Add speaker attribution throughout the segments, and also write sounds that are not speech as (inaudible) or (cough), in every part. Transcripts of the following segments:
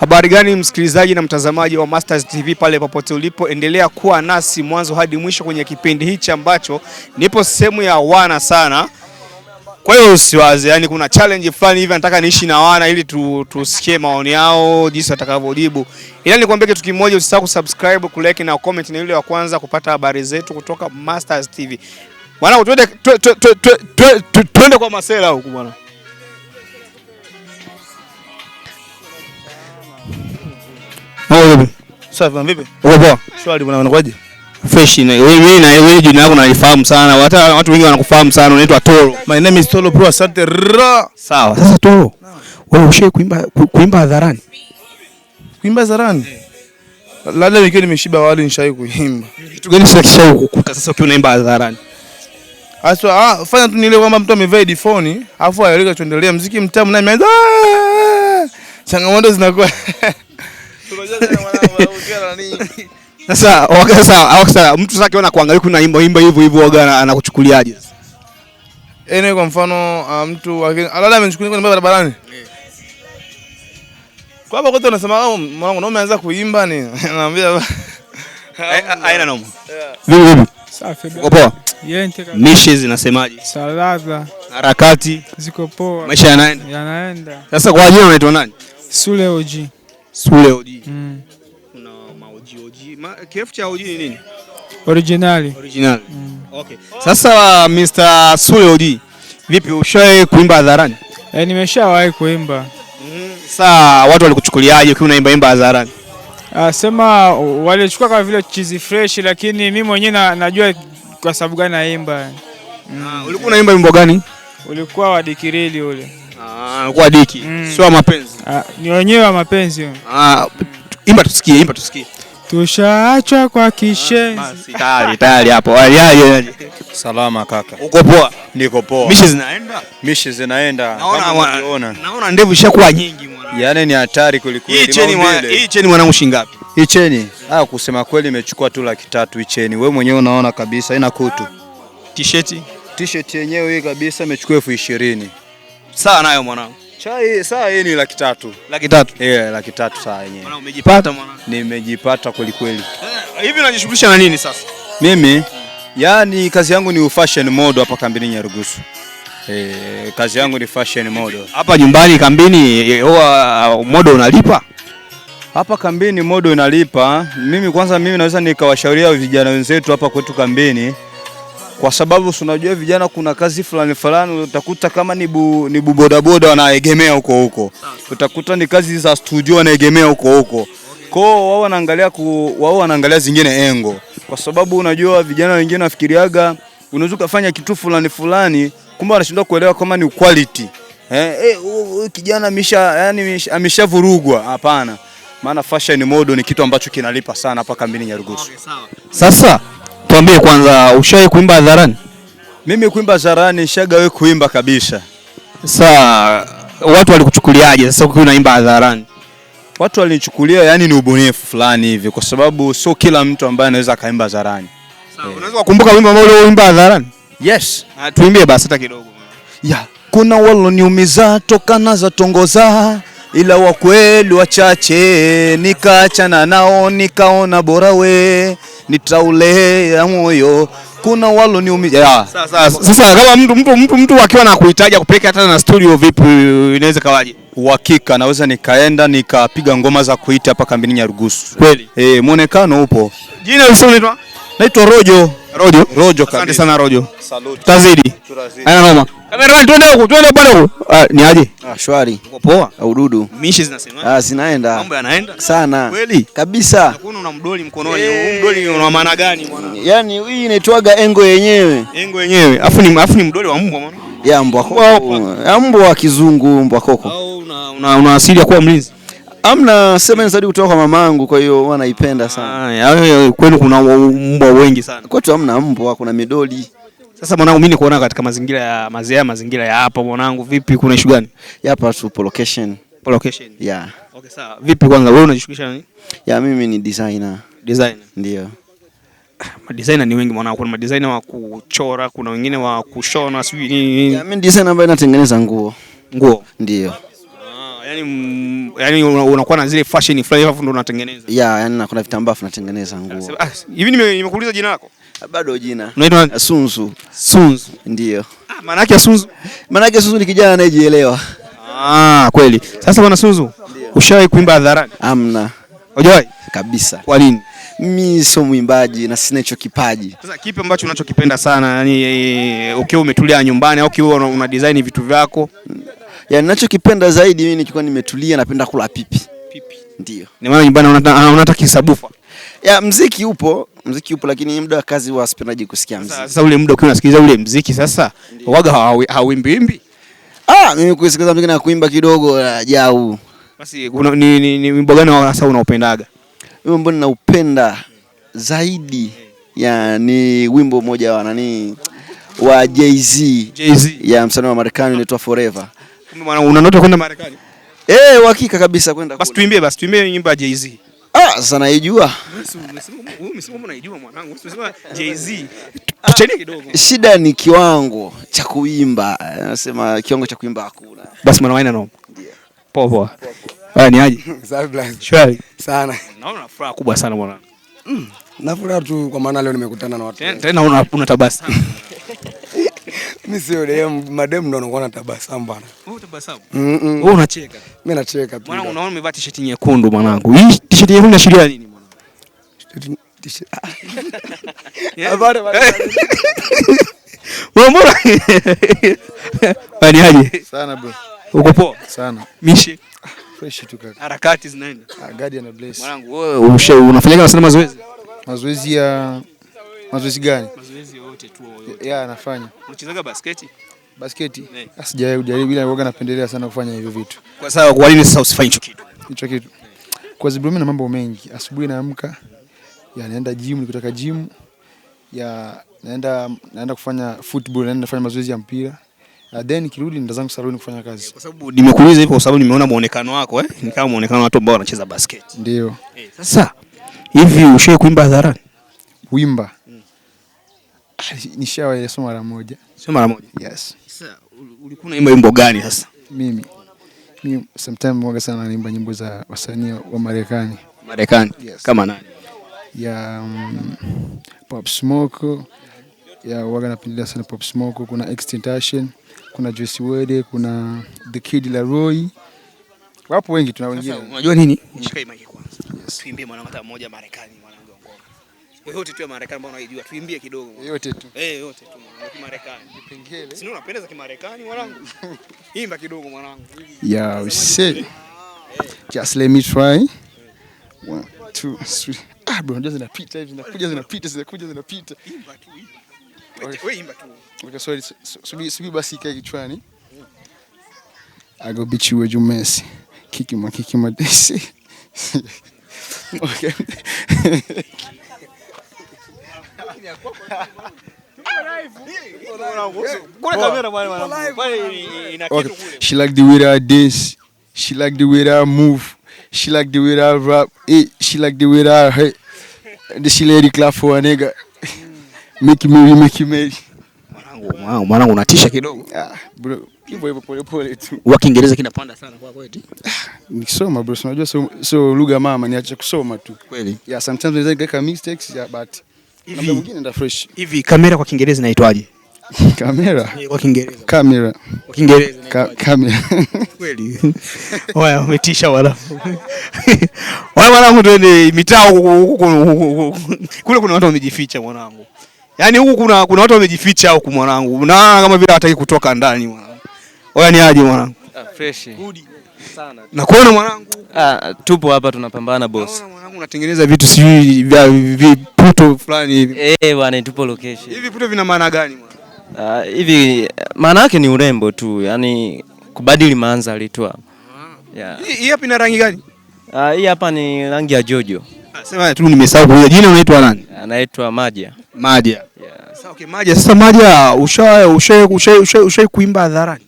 Speaker 1: Habari gani msikilizaji na mtazamaji wa Mastaz TV pale popote ulipo, endelea kuwa nasi mwanzo hadi mwisho kwenye kipindi hichi ambacho nipo sehemu ya wana sana. Kwa hiyo usiwaze, yani kuna challenge fulani hivi nataka niishi na wana ili tusikie tu maoni yao jinsi watakavyojibu. Ila nikwambie kitu kimoja, usisahau kusubscribe, kulike na comment, na yule wa kwanza kupata habari zetu kutoka Mastaz TV. Bwana, twende twende kwa masela huku bwana. Safi bwana, vipi? Uko poa?
Speaker 2: Shwari bwana, unakuaje?
Speaker 1: Fresh na wewe na wewe jina lako nalifahamu sana. Hata watu wengi wanakufahamu sana. Unaitwa Toro.
Speaker 2: My name is Toro Pro, asante.
Speaker 1: Sawa. Sasa Toro, wewe ushe kuimba kuimba hadharani?
Speaker 2: Kuimba hadharani? Labda nikiwa nimeshiba wali nishawahi kuimba.
Speaker 1: Kitu gani sasa kisha kukuta sasa ukiwa unaimba hadharani?
Speaker 2: Aswa, ah, fanya tu nile kwamba mtu amevaa headphone, afu aeleka tuendelea muziki mtamu na imeanza. Changamoto zinakuwa (laughs) (laughs)
Speaker 1: Sasa waga sawa, au Mtu sasa akiona kuangalia kuna imba imba hivyo hivyo waga anakuchukuliaje sasa?
Speaker 2: Yaani kwa mfano ah, mtu alala ah, amenichukulia kwa barabarani. Kwa hapo kote unasema oh, mwanangu naomba anza kuimba ni (laughs) anaambia eh,
Speaker 1: ah, haina noma. Vipi vipi? Safi. Poa. Mishe zinasemaje?
Speaker 2: Salada.
Speaker 1: Harakati
Speaker 2: ziko poa.
Speaker 1: Maisha yanaenda. Yanaenda. Sasa kwa jina unaitwa nani?
Speaker 2: Sule Oji.
Speaker 1: Sule OG. Mm. Kuna ma OG OG. Ma, kirefu cha OG ni nini?
Speaker 2: Original.
Speaker 1: Original. Mm. Okay. Mm. Sasa Mr. Sule OG, vipi ushawahi kuimba hadharani?
Speaker 2: Eh, nimeshawahi kuimba. Mm.
Speaker 1: Mm-hmm. Sasa watu walikuchukuliaje ukiwa unaimba imba hadharani?
Speaker 2: Ah, sema walichukua kama vile cheesy fresh, lakini mimi mwenyewe na, najua kwa sababu gani naimba. Ah,
Speaker 1: mm. Ah, ulikuwa unaimba wimbo gani?
Speaker 2: Ulikuwa wa Dikirili ule
Speaker 1: anakuwa diki mm. Sio mapenzi ah,
Speaker 2: ni wenyewe wa mapenzi
Speaker 1: ah, mm. imba tusikie, imba tusikie.
Speaker 2: Tushaachwa kwa kishenzi
Speaker 1: ah, tayari tayari hapo.
Speaker 3: Salama kaka, uko poa? Niko poa.
Speaker 1: Mishi zinaenda,
Speaker 3: mishi zinaenda.
Speaker 1: Naona naona naona ndevu ishakuwa nyingi
Speaker 3: mwana, yani ni hatari kulikweli.
Speaker 1: Hii cheni mwanangu shilingi ngapi?
Speaker 3: Hii cheni ah, kusema kweli imechukua tu laki tatu hii cheni. Wewe mwenyewe unaona kabisa ina kutu. T-shirt, t-shirt yenyewe hii kabisa imechukua elfu ishirini.
Speaker 1: Sawa nayo mwanangu.
Speaker 3: Chai saa hii ni laki tatu. Laki tatu. Yeah, laki tatu saa yenyewe.
Speaker 1: Mwanangu umejipata mwanangu.
Speaker 3: Nimejipata kweli kweli. Eh,
Speaker 1: hivi unajishughulisha na nini sasa?
Speaker 3: Mimi yani kazi yangu ni fashion model hapa kambini Nyarugusu. Eh, kazi yangu ni fashion model.
Speaker 1: Hapa nyumbani kambini huwa uh, model unalipa?
Speaker 3: Hapa kambini model inalipa. Mimi kwanza mimi naweza nikawashauria vijana wenzetu hapa kwetu kambini kwa sababu unajua vijana kuna kazi fulani fulani utakuta kama ni bu, ni bodaboda wanaegemea huko huko, utakuta ni kazi za studio wanaegemea huko huko kwao, wao wanaangalia wao wanaangalia zingine engo, kwa sababu unajua vijana wengine wafikiriaga unaweza ukafanya kitu fulani fulani, kumbe wanashindwa kuelewa kama ni quality eh, eh, kijana amesha yani ameshavurugwa. Hapana, maana fashion mode ni kitu ambacho kinalipa sana hapa kambini Nyarugusu. Okay,
Speaker 1: Sasa Tuambie kwanza, ushawahi kuimba hadharani?
Speaker 3: Mimi kuimba hadharani shagawe kuimba kabisa.
Speaker 1: Sasa watu walikuchukuliaje sasa ukiwa unaimba hadharani? Watu walinichukulia yani ni ubunifu fulani hivi, kwa sababu sio kila mtu ambaye anaweza akaimba hadharani. Sawa, yeah. Unaweza kukumbuka wimbo ambao uliimba hadharani? Yes. Ah, tuimbie basi hata kidogo. Ya, kuna waloniumiza toka na za tongoza ila wakweli wachache, nikaachana nao, nikaona bora we nitaulea moyo kuna walo ni yeah. Sasa kama mtu mtu mtu mtu akiwa nakuhitaji kupeleka hata na studio, vipi inaweza kawaje? Uhakika naweza nikaenda nikapiga ngoma za kuita hapa kambini Nyarugusu. Kweli eh, muonekano upo. Jina usoni tu Naitwa Rojo. Rojo. Rojo kabisa. Asante sana Rojo. Salute. Tazidi. Haina noma. Kameraman twende huko, twende pale huko. Ah, ni aje? Ah, shwari. Uko poa? Au dudu? Mishi zinasema?
Speaker 3: Ah, zinaenda. Mambo yanaenda? Sana. Kweli? Kabisa. Hakuna
Speaker 1: una mdoli mkononi. Huu eh. mdoli una maana gani bwana?
Speaker 3: Yaani hii inaitwaga engo yenyewe.
Speaker 1: Engo yenyewe. Afu ni afu ni mdoli wa mbwa mbona?
Speaker 3: Ya mbwa koko. Ya Mbwa kizungu, mbwa koko.
Speaker 1: Au una una asili ya kuwa mlinzi?
Speaker 3: Amna semeni zaidi kutoka kwa mamangu, kwa hiyo wanaipenda sana.
Speaker 1: Ah, Kwenu kuna mbwa wengi sana?
Speaker 3: Kwetu amna mbwa, kuna midoli.
Speaker 1: Sasa mwanangu, mimi nikuona katika mazingira ya mazea, mazingira ya hapa mwanangu, vipi, kuna ishu gani?
Speaker 3: Hapa tupo location. Po location. Yeah.
Speaker 1: Okay, sawa. Vipi kwanza wewe unajishughulisha nini?
Speaker 3: Ya mimi ni designer. Designer. Ndio.
Speaker 1: Ah, ma designer ni wengi mwanangu, kuna ma designer wa kuchora, kuna wengine wa kushona, sijui nini.
Speaker 3: Ya mimi designer ambaye natengeneza nguo. Nguo. Ndio
Speaker 1: yani, mm, yani unakuwa na zile fashion fulani alafu ndo unatengeneza.
Speaker 3: Yeah, yani kuna vitambaa tunatengeneza nguo.
Speaker 1: Ah, ah, hivi nimekuuliza jina lako?
Speaker 3: Bado jina. Unaitwa Sunzu. Sunzu. Ndio.
Speaker 1: Ah, maana yake Sunzu.
Speaker 3: Maana yake Sunzu ni kijana anayejielewa.
Speaker 1: Ah, kweli. Sasa bwana Sunzu, ushawahi kuimba hadharani? Hamna. Hujawahi? Kabisa. Kwa nini?
Speaker 3: Mi sio mwimbaji na sina hicho kipaji.
Speaker 1: Sasa kipi ambacho unachokipenda sana? Yaani eh, ukiwa umetulia nyumbani au ukiwa una design vitu vyako?
Speaker 3: Yani ninachokipenda zaidi mimi nikiwa nimetulia napenda kula pipi. Pipi.
Speaker 1: Ndio. Ni maana nyumbani unataka unataka kisabufa.
Speaker 3: Ya mziki upo, mziki upo lakini muda wa kazi wa spinaji kusikia mziki.
Speaker 1: Sasa, ule muda ukiwa unasikiliza ule mziki sasa waga hawimbi wimbi.
Speaker 3: Ah, mimi kusikiliza mziki na kuimba kidogo la jau.
Speaker 1: Basi kuna ni ni, ni wimbo gani sasa unaopendaga?
Speaker 3: Wimbo ambao ninaupenda zaidi ya ni wimbo mmoja wa nani wa Jay-Z. Jay-Z. Ya msanii wa Marekani unaitwa Forever.
Speaker 1: Kumbe mwana una ndoto kwenda Marekani?
Speaker 3: Eh, uhakika kabisa kwenda.
Speaker 1: Basi tuimbie basi tuimbie nyimbo ya Jay-Z.
Speaker 3: Ah, sasa naijua. Shida ni kiwango cha kuimba. Nasema kiwango cha kuimba hakuna.
Speaker 1: Basi mwana waina Poa poa. Haya ni aje?
Speaker 3: (laughs) Safi blaz. Shwari.
Speaker 1: Sana. Naona furaha kubwa sana
Speaker 3: Mm, na furaha tu kwa maana leo nimekutana na watu.
Speaker 1: Tena una tabasamu. (laughs)
Speaker 3: Mimi sio madem ndo anakuwa na tabasamu bwana.
Speaker 1: Wewe Wewe unacheka. Mimi nacheka tu. Mwanangu unaona umevaa t-shirt nyekundu mwanangu. Hii t-shirt nyekundu inaashiria nini mwanangu? Wewe mbona? Bani (laughs) aje? Sana bro. Uko poa? Sana. Mishi.
Speaker 3: Fresh tu kaka.
Speaker 1: Harakati zinaenda. Ah, Bless. Mwanangu wewe unafanya kama sana mazoezi?
Speaker 3: Mazoezi ya mazoezi gani? yoyote tu yoyote? Yeah, anafanya.
Speaker 1: Unachezaga basketi?
Speaker 3: Basketi? Eh. Ah, Sijawahi kujaribu ila huwa napendelea sana kufanya hivyo vitu.
Speaker 1: Kwa sababu kwa nini sasa usifanye hicho kitu?
Speaker 3: Hicho kitu. Kwa sababu mimi na mambo mengi. Asubuhi naamka, ya naenda gym, nikitoka gym, ya naenda naenda kufanya football, naenda kufanya mazoezi ya mpira. Uh, then kirudi ndo zangu saluni kufanya kazi. Kwa
Speaker 1: sababu nimekuuliza hivyo kwa sababu nimeona muonekano wako eh, ni kama muonekano wa watu ambao wanacheza basketi. Ndio. Eh, sasa hivi ushawahi kuimba hadharani?
Speaker 3: Kuimba. Nishawahi soma mara moja. Sio mara moja. Yes.
Speaker 1: Sasa ulikuwa unaimba wimbo gani sasa?
Speaker 3: Mimi mimi sometimes mwaga sana naimba nyimbo za wasanii wa Marekani.
Speaker 1: Marekani. Yes. Kama nani?
Speaker 3: Ya um, Pop Smoke. Ya waga napendelea sana Pop Smoke, kuna Extinction, kuna Juice WRLD, kuna The Kid Laroi. Wapo wengi tuna wengine. Unajua
Speaker 1: nini? Shika mic kwanza. Yes. Tuimbie mwanamama mmoja Marekani. mwana yote tu ya Marekani ambao unaijua, tuimbie kidogo. Yote tu. Eh, yote tu mwanangu Kimarekani. Kipengele. Si unapendeza Kimarekani mwanangu? (laughs) Imba kidogo mwanangu.
Speaker 3: Yeah, we say. Just let me try. One, two, three. Ah, bro, ndio zinapita hivi, zinakuja zinapita, zinakuja zinapita. Imba tu. Wewe imba tu. Okay, sorry. Subi subi basi ikae kichwani. I go beat you with your mess. Kiki ma kiki ma desi. Okay. (laughs) She like the way that I dance. She like the way that I move. She like the way that I rap. Hey, eh, she like the way that I hurt. And she lady clap for a nigga. (laughs) Make you marry, make you marry.
Speaker 1: Mwanangu unatisha kidogo.
Speaker 3: Ah, bro.
Speaker 1: Hivyo hivyo pole pole tu. Wa Kiingereza kinapanda sana kwa kweli.
Speaker 3: Ah, nikisoma bro, unajua so, so lugha mama niache kusoma tu. Kweli. Yeah, sometimes I nikaweka mistakes yeah, but hivi mwingine fresh.
Speaker 1: hivi, kamera kwa Kiingereza inaitwaje?
Speaker 3: (laughs) Kamera eh, kwa Kiingereza, kamera
Speaker 1: kwa Kiingereza, kamera kweli. Haya, (laughs) umetisha wala. bwana. (laughs) Haya mwanangu, twende mitaa kule, kuna watu wamejificha mwanangu, yaani huku kuna kuna watu wamejificha huku mwanangu, na kama vile hataki kutoka ndani mwanangu. Haya, ni aje mwanangu? Ah, Fresh. Good sana. Nakuona mwanangu.
Speaker 3: Ah, tupo hapa tunapambana boss. Naona
Speaker 1: mwanangu unatengeneza vitu sijui vya viputo fulani hivi.
Speaker 3: Eh, bwana tupo location. Hivi
Speaker 1: viputo vina maana gani
Speaker 3: mwana? Ah, hivi maana yake ni urembo tu, yani kubadili mandhari tu hapa.
Speaker 1: Yeah. Hii hapa ina rangi gani?
Speaker 3: Ah, hii hapa ni rangi ya jojo.
Speaker 1: Ah, sema tu nimesahau kuuliza jina unaitwa nani?
Speaker 3: Anaitwa Maja.
Speaker 1: Maja. Yeah. Sasa okay, Maja. Sasa Maja ushawahi ushawahi ushawahi kuimba hadharani?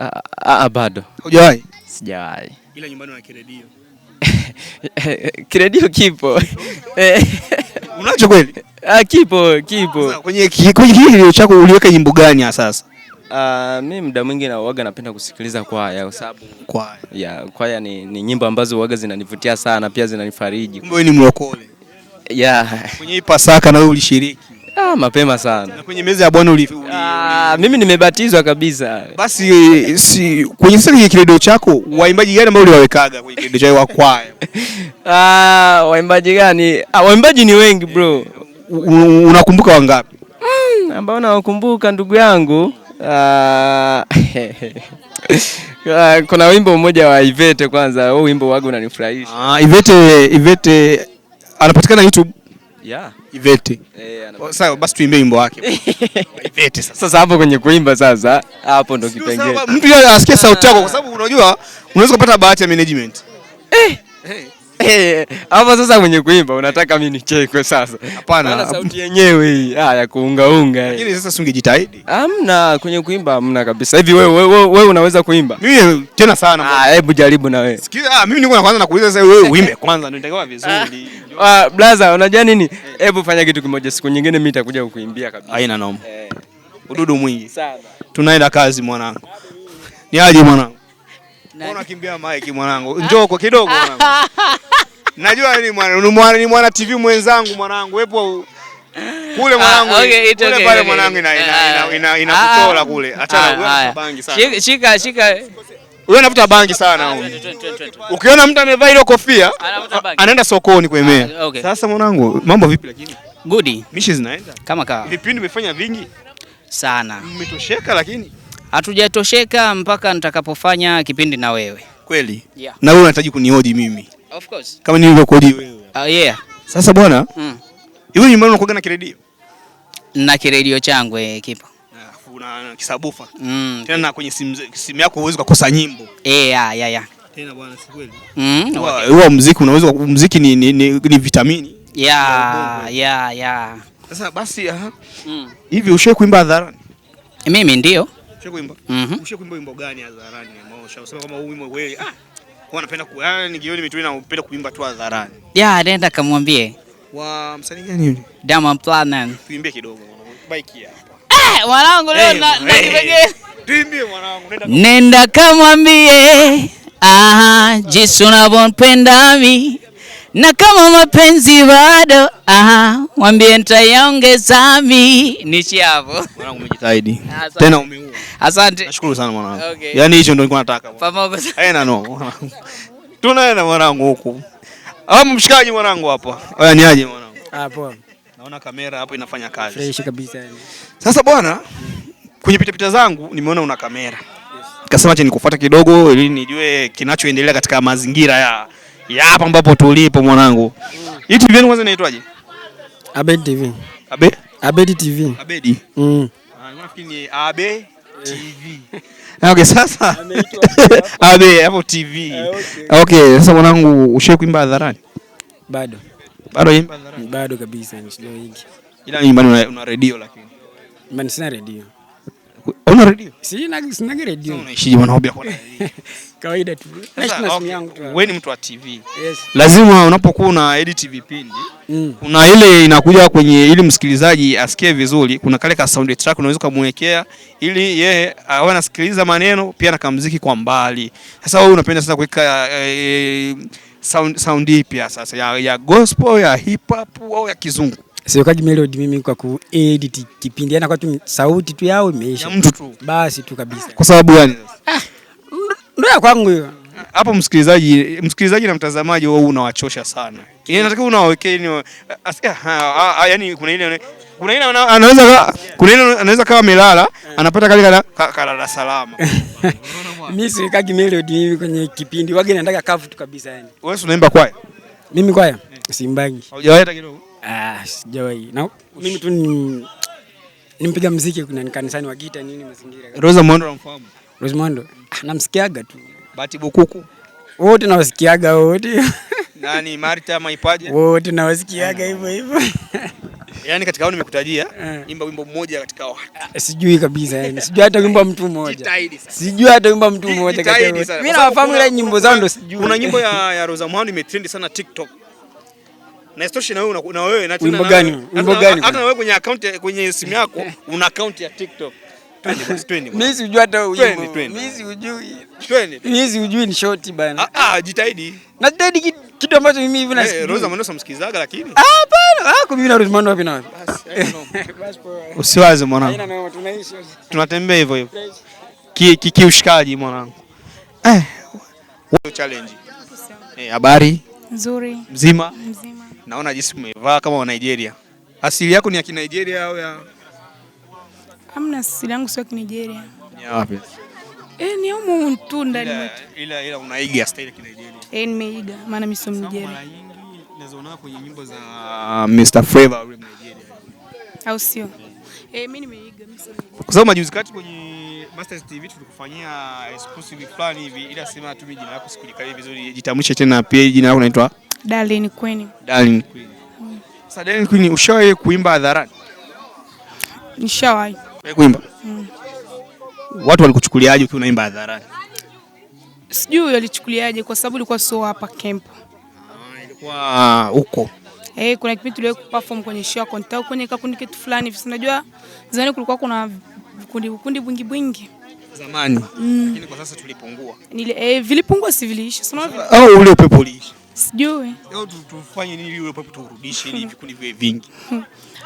Speaker 3: Ah, ah bado. Hujawahi? Sijawahi.
Speaker 1: Ila nyumbani una kiredio?
Speaker 3: (laughs) Kiredio kipo. (laughs) Eh. Unacho kweli? Ah, kipo, kipo.
Speaker 1: Kwenye kwenye kiredio chako uliweka nyimbo gani sasa?
Speaker 3: Uh, mi muda mwingi na uwaga napenda kusikiliza kwaya kwa sababu kwaya, yeah, kwaya ni, ni nyimbo ambazo uwaga zinanivutia sana pia zinanifariji.
Speaker 1: Kumbe wewe ni mlokole.
Speaker 3: Yeah.
Speaker 1: Kwenye hii Pasaka na wewe ulishiriki?
Speaker 3: Ah, mapema sana. Na
Speaker 1: kwenye meza ya Bwana uli, uli,
Speaker 3: ah, mimi nimebatizwa kabisa.
Speaker 1: Basi si kwenye sasa kwenye kiredo chako waimbaji gani ambao uliwawekaga kwenye kiredo chako wa kwaya? (laughs)
Speaker 3: Ah, waimbaji gani? Ah, waimbaji ni wengi bro.
Speaker 1: Unakumbuka wangapi?
Speaker 3: Mm, ambao nawakumbuka ndugu yangu. Ah, (laughs) ah, kuna wimbo mmoja wa Ivete kwanza, huu wimbo wangu unanifurahisha.
Speaker 1: Ah, Ivete Ivete anapatikana YouTube. Yeah. Ivete. Eh, sasa basi tuimbe wimbo wake. (laughs)
Speaker 3: Ivete sasa. Sasa hapo kwenye kuimba sasa hapo ndo kipengele.
Speaker 1: Mtu asikie sauti yako kwa sababu unajua unaweza kupata bahati ya management.
Speaker 3: Eh. Hey. Eh. (laughs) Hapa sasa mwenye kuimba unataka mimi nichekwe sasa? Hapana, sauti yenyewe hii ah, ya kuungaunga.
Speaker 1: Lakini sasa si
Speaker 3: Hamna, kwenye kuimba hamna kabisa. Hivi wewe wewe unaweza kuimba?
Speaker 1: Mimi tena sana.
Speaker 3: Ah, hebu jaribu na wewe.
Speaker 1: Sikia, ah mimi niko na kwanza nakuuliza sasa wewe uimbe kwanza ndio nitakuwa
Speaker 3: vizuri. Ah, ah, brother, unajua nini? Hebu fanya kitu kimoja, siku nyingine mimi nitakuja kukuimbia kabisa.
Speaker 1: Haina noma. Eh. Ududu mwingi sana. Tunaenda kazi mwanangu. Ni aje mwanangu? Mbona kimbia maiki mwanangu? Njoo kwa kidogo mwanangu. (laughs) Najua ni mwana ni mwana TV mwenzangu mwanangu. Wepo kule ah, mwanangu. ah, okay, Kule okay, pale mwanangu okay. ina ina ina, ina, ah, ah, ah. kutola kule. Achana ah, ah, bangi sana.
Speaker 3: Shika shika.
Speaker 1: Wewe unavuta bangi sana huyu. Ukiona mtu amevaa ile kofia anaenda sokoni kuemea. Sasa mwanangu, mambo vipi lakini? Good. Mishi zinaenda? Kama kawa. Vipindi umefanya vingi? Sana. Umetosheka lakini?
Speaker 3: hatujatosheka mpaka nitakapofanya kipindi na wewe kweli. Yeah.
Speaker 1: na wewe unahitaji kunihoji mimi of course, kama nilivyokuhoji wewe. Uh, yeah. Sasa bwana mm. iwe nyumbani unakuwa na kiredio
Speaker 3: na kiredio changu eh, kipo
Speaker 1: kuna ah, kisabufa mm. tena na kwenye simu simu yako huwezi kukosa nyimbo
Speaker 3: eh, yeah, yeah, yeah.
Speaker 1: Tena bwana, si kweli mm, huwa okay. muziki unaweza muziki ni, ni, ni, ni vitamini
Speaker 3: yeah, yeah, yeah.
Speaker 1: Sasa basi mm. hivi mm. ushawahi kuimba hadharani?
Speaker 3: Mimi ndio Ushakuimba? Mhm. Mm,
Speaker 1: Ushakuimba wimbo gani hadharani ambao usema kama wimbo wewe ah kwa napenda kuimba. Yaani jioni mituni na napenda kuimba tu hadharani.
Speaker 3: Yeah, nenda kamwambie.
Speaker 1: Wa msanii gani yule?
Speaker 3: Diamond Platnumz.
Speaker 1: Tuimbie kidogo. Bike hapa.
Speaker 3: Eh, mwanangu leo eh, na eh. kipekee.
Speaker 1: Tuimbie mwanangu,
Speaker 3: nenda. Nenda kamwambie. Ah, jinsi unavyompenda mimi. Na kama mapenzi bado aha, mwambie nitaiongeza mi. Nichi hapo.
Speaker 1: Mwanangu umejitahidi. Tena ume Asante. Nashukuru sana mwanangu. Okay. Yaani hicho ndio nilikuwa nataka.
Speaker 3: Pamoja. (laughs)
Speaker 1: Haina no. Tunaenda mwanangu huku. Hapo mshikaji mwanangu hapa. Haya ni aje mwanangu? Ah, poa. Naona kamera hapo inafanya kazi.
Speaker 3: Fresh kabisa yani.
Speaker 1: Sasa bwana, kwenye pita pita zangu nimeona una kamera. Nikasema acha nikufuata kidogo ili nijue kinachoendelea katika mazingira ya ya hapa ambapo tulipo mwanangu. Mm. Hii TV yenu kwanza inaitwaje? Abedi TV. Abe?
Speaker 3: Abedi TV. Abedi. Mm.
Speaker 1: Ah, nafikiri ni Abe TV. Eh, okay, sasa (laughs) abe hapo TV. Eh, okay, Okay, sasa mwanangu, ushe kuimba hadharani? Bado. Bado imba
Speaker 3: hadharani? Bado kabisa, ndio
Speaker 1: hiki. Ila nyumbani una radio lakini.
Speaker 3: Mimi sina radio. Una radio? Sina, sina radio.
Speaker 1: Unaishi kwa na hobby (laughs) kawaida tu. Wewe ni mtu wa TV. Yes. Lazima unapokuwa una edit vipindi mm. kuna ile inakuja kwenye ili msikilizaji asikie vizuri, kuna kale ka sound track unaweza kumwekea ili yeye awe anasikiliza maneno pia na kamziki kwa mbali. Sasa wewe unapenda sasa kuweka e, sound sound ipi sasa ya, ya gospel ya hip hop au ya kizungu?
Speaker 3: Siwekaji melody mimi kwa kuedit kipindi, yani kwa tu sauti tu yao imeisha. Ya mtu tu. Basi tu kabisa. Kwa
Speaker 1: sababu gani sasa? Ah
Speaker 3: ndio ya kwangu hiyo.
Speaker 1: Hapo msikilizaji, msikilizaji na mtazamaji wao unawachosha sana. Yeye anataka unawawekeni eh, yani kuna ile kuna ile anaweza kuna ile anaweza kama amelala anapata kale kalala salama.
Speaker 3: Mimi (laughs) si kaki melody hivi kwenye kipindi wage nataka kavu tu kabisa yani.
Speaker 1: Wewe unaimba kwaya?
Speaker 3: Mimi kwaya? Simbangi.
Speaker 1: Hujawahi hata kidogo?
Speaker 3: Ah, sijawahi. Na mimi tu ni nimpiga muziki kuna kanisani wa gita nini mazingira.
Speaker 1: Rosa Mondo unamfahamu?
Speaker 3: Rosmondo ah. namsikiaga tu.
Speaker 1: Bahati Bukuku
Speaker 3: wote nawasikiaga wote.
Speaker 1: Nani Marta Maipaje
Speaker 3: wote nawasikiaga hivyo ah. hivyo.
Speaker 1: Yaani katika hao nimekutajia, ah. imba wimbo mmoja katika hao.
Speaker 3: Sijui kabisa yani. Sijui hata wimbo mtu mmoja. Sijui hata wimbo mtu mmoja katika hao. Mimi nawafahamu ile nyimbo zao ndo sijui.
Speaker 1: Kuna nyimbo ya ya Rosa Muhando imetrend sana TikTok. Na istoshi na wewe na wewe na
Speaker 3: tena. Wimbo gani?
Speaker 1: Wimbo gani? Hata na wewe kwenye account kwenye simu yako una account ya TikTok.
Speaker 3: Mimi sijui hata mimi sijui. Mimi sijui ni shoti bana.
Speaker 1: Ah ah, jitahidi.
Speaker 3: Na jitahidi kitu ambacho mimi hivi
Speaker 1: nasikia. Eh, lakini.
Speaker 3: Ah bana, ah na wapi na wapi.
Speaker 1: (laughs) Usiwaze mwanangu. Tunatembea hivyo hivyo. Ki ki ushikaji mwanangu. Eh, challenge. Eh, habari? Nzuri. Mzima? Mzima. Naona jinsi umevaa kama wa Nigeria. Asili yako ni ya Kinigeria au ya
Speaker 3: Hamna, siri yangu sio Kinigeria. Ni wapi? Eh, ni humu tu ndani mwetu.
Speaker 1: Ila ila unaiga style Kinigeria.
Speaker 3: Eh, nimeiga maana mimi sio Mnigeria. Mara nyingi
Speaker 1: nazoona kwenye nyimbo za ah, Mr. Flavor yule Mnigeria.
Speaker 3: Au sio? Eh, mimi nimeiga mimi sio
Speaker 1: Mnigeria. Kwa sababu majuzi kati kwenye Masters TV tulikufanyia exclusive plan hivi ila sema tu jina lako sikulikai vizuri. Jitambulishe tena pia jina lako unaitwa?
Speaker 3: Darlene Queen.
Speaker 1: Darlene Queen. Mm. Sasa Darlene Queen ushawahi kuimba hadharani? Nishawahi. Kuimba. Mm. Watu walikuchukuliaje ukiwa unaimba hadharani?
Speaker 3: Sijui walichukuliaje kwa sababu ilikuwa sio hapa camp. Ah,
Speaker 1: ilikuwa huko.
Speaker 3: Eh, kuna kipindi tuliwe perform kwenye show contact kwenye kikundi kitu fulani Sasa najua zamani kulikuwa kuna vikundi vikundi bwingi bwingi.
Speaker 1: Zamani. Mm. Lakini kwa sasa tulipungua.
Speaker 3: Nile eh, vilipungua si viliisha.
Speaker 1: Sasa au ah, ule upepo uliisha.
Speaker 3: Sijui.
Speaker 1: Leo tufanye nini ule upepo turudishe ili vikundi viwe vingi. (laughs)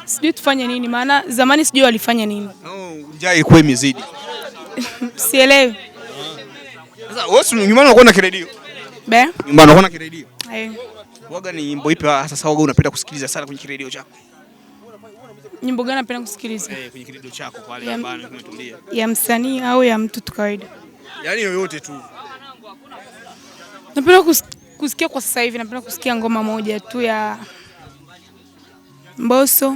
Speaker 3: sijui tufanye nini, maana zamani sijui walifanya nini.
Speaker 1: No, njaa ilikuwa imezidi (laughs) sielewi. Sasa wewe nyumbani unakuwa na kiredio be, nyumbani unakuwa na kiredio eh, waga ni nyimbo ipi ah, sasa waga unapenda kusikiliza sana kwenye kiredio chako?
Speaker 3: Nyimbo gani napenda kusikiliza
Speaker 1: eh, kwenye kiredio chako pale nyumbani umetulia?
Speaker 3: Ya msanii au ya mtu tu kawaida?
Speaker 1: Yaani yoyote tu.
Speaker 3: Napenda kusikia kwa sasa hivi, napenda kusikia ngoma moja tu ya Mbosso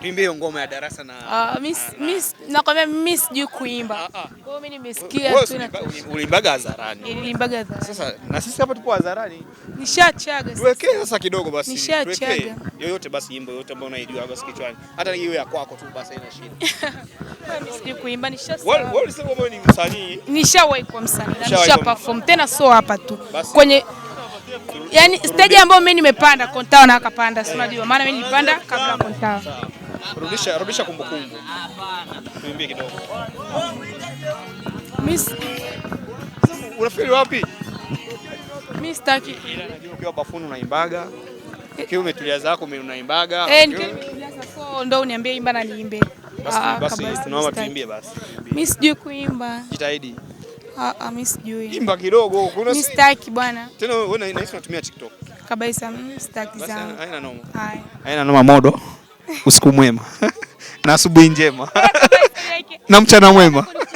Speaker 1: Nimbie ngoma ya darasa na
Speaker 3: ah, nakwambia mimi sijui kuimba. Ah, ah. Kwa mimi nimesikia tu
Speaker 1: ulimbaga hadharani.
Speaker 3: Nilimbaga hadharani.
Speaker 1: Sasa na sisi hapa tupo hadharani.
Speaker 3: Nishachaga.
Speaker 1: Tuwekee sasa kidogo basi.
Speaker 3: Nishachaga.
Speaker 1: Yoyote basi imbo yoyote ambayo unaijua basi kichwani. Hata iwe ya kwako tu basi haina shida.
Speaker 3: (laughs) Mimi sijui kuimba nishasema.
Speaker 1: Wewe ulisema wewe ni msanii.
Speaker 3: Nishawahi kuwa msanii na tena, so hapa tu. Kwenye yani stage ambayo mimi nimepanda Kontawa na akapanda, si unajua maana mimi nilipanda kabla Kontawa.
Speaker 1: Rudisha rudisha kumbukumbu. Hapana. Tuimbie kidogo. Miss unafikiri wapi? Mimi sitaki. Najua ukiwa bafuni unaimbaga. Ukiwa umetulia zako mimi unaimbaga.
Speaker 3: Eh, nikiwa sasa ndo uniambie imba na niimbe.
Speaker 1: Basi ah, basi tunaomba tuimbie basi.
Speaker 3: Mimi sijui kuimba. Jitahidi. Mimi ah, ah, sijui.
Speaker 1: Imba kidogo.
Speaker 3: Kuna si staki bwana.
Speaker 1: Tena wewe unaishi unatumia TikTok.
Speaker 3: Kabisa mm, staki
Speaker 1: zangu. Haina noma. Haina noma modo. (laughs) Usiku mwema. (laughs) Na asubuhi njema. (laughs) Na mchana mwema.